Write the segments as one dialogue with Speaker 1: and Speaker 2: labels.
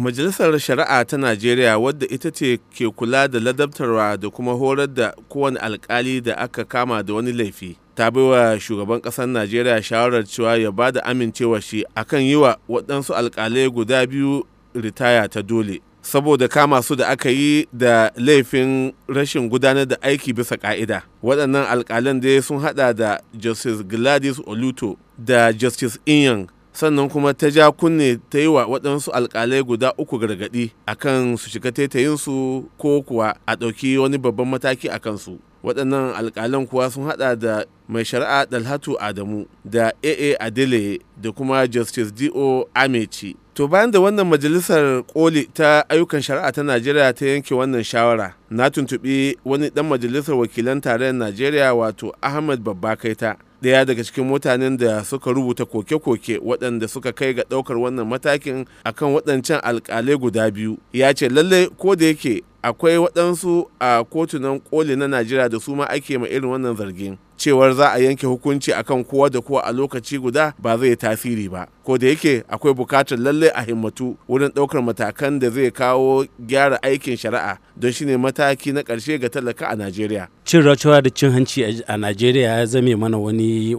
Speaker 1: Majalisar Shari'a ta Najeriya wadda ita ce ke kula da ladabtarwa da kuma horar da kowane alkali da aka kama da wani laifi. Ta bai wa shugaban ƙasar Najeriya shawarar cewa ya ba da amincewa shi akan yi wa waɗansu alkalai guda biyu ritaya ta dole. Saboda kama su da aka yi da laifin rashin gudanar da aiki bisa ka'ida. Waɗannan alkalan dai sun haɗa da Justice Gladys Oluto da Justice Inyang sannan kuma ta ja kunne ta yi wa waɗansu alƙalai guda uku gargaɗi kan su shiga su ko kuwa a ɗauki wani babban mataki a kansu waɗannan alƙalan kuwa sun haɗa da mai shari'a dalhatu adamu da aa adele da kuma justice do amechi to bayan da wannan majalisar koli ta ayyukan shari'a ta najeriya ta yanke wannan shawara na tuntuɓi wani ɗan majalisar wakilan tarayyar najeriya wato ahmad babba kaita ɗaya daga cikin mutanen da suka rubuta koke-koke waɗanda suka kai ga ɗaukar wannan matakin akan waɗancan alƙalai guda biyu ya ce lalle ko da yake akwai waɗansu a kotunan koli na najeriya da su ma ake ma irin wannan zargin cewar za a yanke hukunci akan kowa da kowa a lokaci guda ba zai tasiri ba ko da yake akwai bukatar lalle a himmatu wurin ɗaukar matakan da zai kawo gyara aikin shari'a don shine mataki na ƙarshe ga talaka a najeriya
Speaker 2: cin rashawa da cin hanci a najeriya ya zame mana wani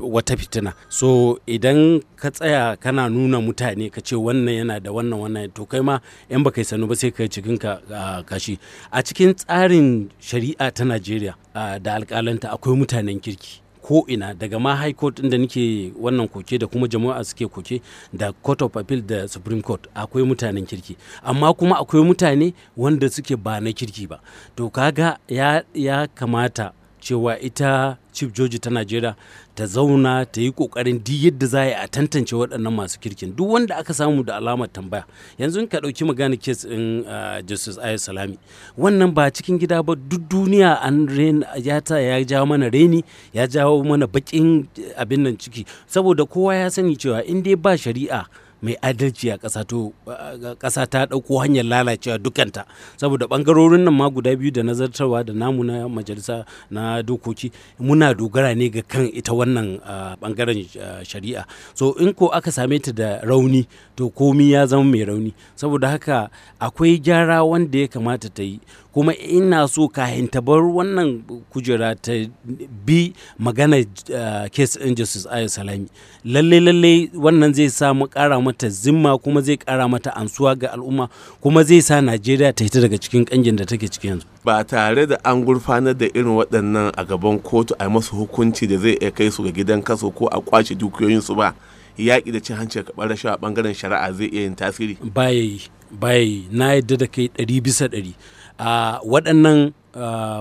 Speaker 2: wata fitina so idan ka tsaya kana nuna mutane ka ce wannan yana da wannan wannan to kai ma yan baka sanu ba sai ka cikin ka kashi a cikin tsarin shari'a ta najeriya da alƙalanta akwai mutane mutanen kirki ko ina daga ma high court inda nake wannan koke da kuma jama'a suke koke da court of appeal da supreme court akwai mutanen kirki amma kuma akwai mutane wanda suke ba na kirki ba to kaga ya, ya kamata cewa ita chief joji ta najeriya ta zauna ta yi kokarin duk yadda za a tantance waɗannan masu kirkin duk wanda aka samu da alamar tambaya yanzu ka ɗauki magana kes ɗin ah, justice ayo salami wannan ba cikin gida ba duk duniya an ya ta ya ja mana reni ya jawo mana baƙin eh, abin nan ciki saboda kowa ya sani cewa in dai ba shari'a mai adalci a ƙasa ta ɗauko hanyar lalacewa dukanta saboda ɓangarorin nan ma guda biyu da nazartarwa da namu na majalisa na dokoki muna dogara ne ga kan ita wannan ɓangaren shari'a so in ko aka same ta da rauni to komi ya zama mai rauni saboda haka akwai gyara wanda ya kamata ta yi kuma ina so kahin ta bar wannan kujera ta bi magana case injustice ayo salami lalle lalle wannan zai samu ƙara mata mata zimma kuma zai kara mata ansuwa ga al'umma kuma zai sa najeriya ta hita daga cikin kangin da take ciki yanzu ba tare da an
Speaker 1: gurfanar da irin waɗannan a gaban kotu a masu hukunci da zai iya kai su ga gidan kaso ko a kwace dukiyoyinsu ba yaƙi da cin hanci kaɓar rashawa a ɓangaren shari'a zai iya yin tasiri
Speaker 2: baya na yadda da kai ɗari bisa ɗari a waɗannan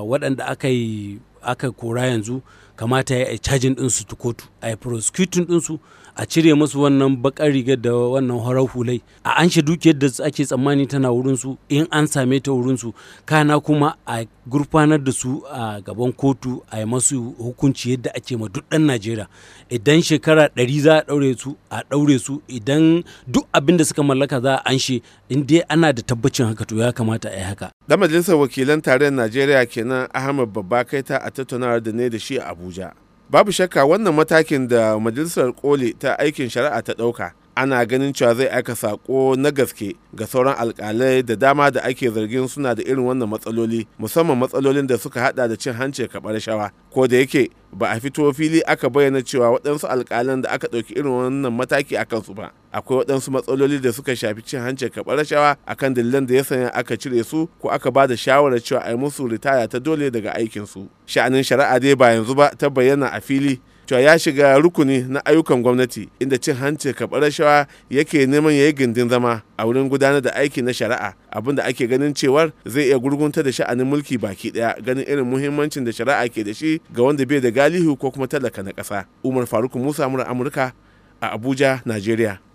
Speaker 2: waɗanda aka yi aka kora yanzu kamata ya yi cajin ɗinsu ta kotu a yi prosecuting ɗinsu a cire musu wannan bakar rigar da wannan horar hulai a an shi dukiyar da ake tsammani tana wurin su in an same ta wurin su kana kuma a gurfanar da su a gaban kotu a yi masu hukunci yadda ake ma duk dan Najeriya idan shekara ɗari za a ɗaure su a ɗaure su idan duk abin da suka mallaka za a anshe in dai ana da tabbacin haka to ya kamata a yi haka.
Speaker 1: Dan majalisar wakilan tarayyar Najeriya kenan Ahmad Babba kai ta a tattaunawar da ne da shi a Abuja. babu shakka wannan matakin da majalisar koli ta aikin shari'a ta ɗauka ana ganin cewa zai aika sako na gaske ga sauran alkalai da dama da ake zargin suna da irin wannan matsaloli musamman matsalolin da suka hada da cin hanci kabar shawa ko da yake ba a fito fili aka bayyana cewa waɗansu alkalan da aka ɗauki irin wannan mataki a kansu ba akwai waɗansu matsaloli da suka shafi cin hanci ka rashawa akan dalilan da ya sanya aka cire su ko aka ba da shawarar cewa a yi musu ritaya ta dole daga aikin su. sha'anin shari'a dai ba yanzu ba ta bayyana a fili cewa ya shiga rukuni na ayyukan gwamnati inda cin hanci ka rashawa yake neman ya yi gindin zama a wurin gudanar da aiki na shari'a abin da ake ganin cewar zai iya gurgunta da sha'anin mulki baki ɗaya ganin irin muhimmancin da shari'a ke da shi ga wanda bai da galihu ko kuma talaka na ƙasa umar faruk musa mura amurka a abuja najeriya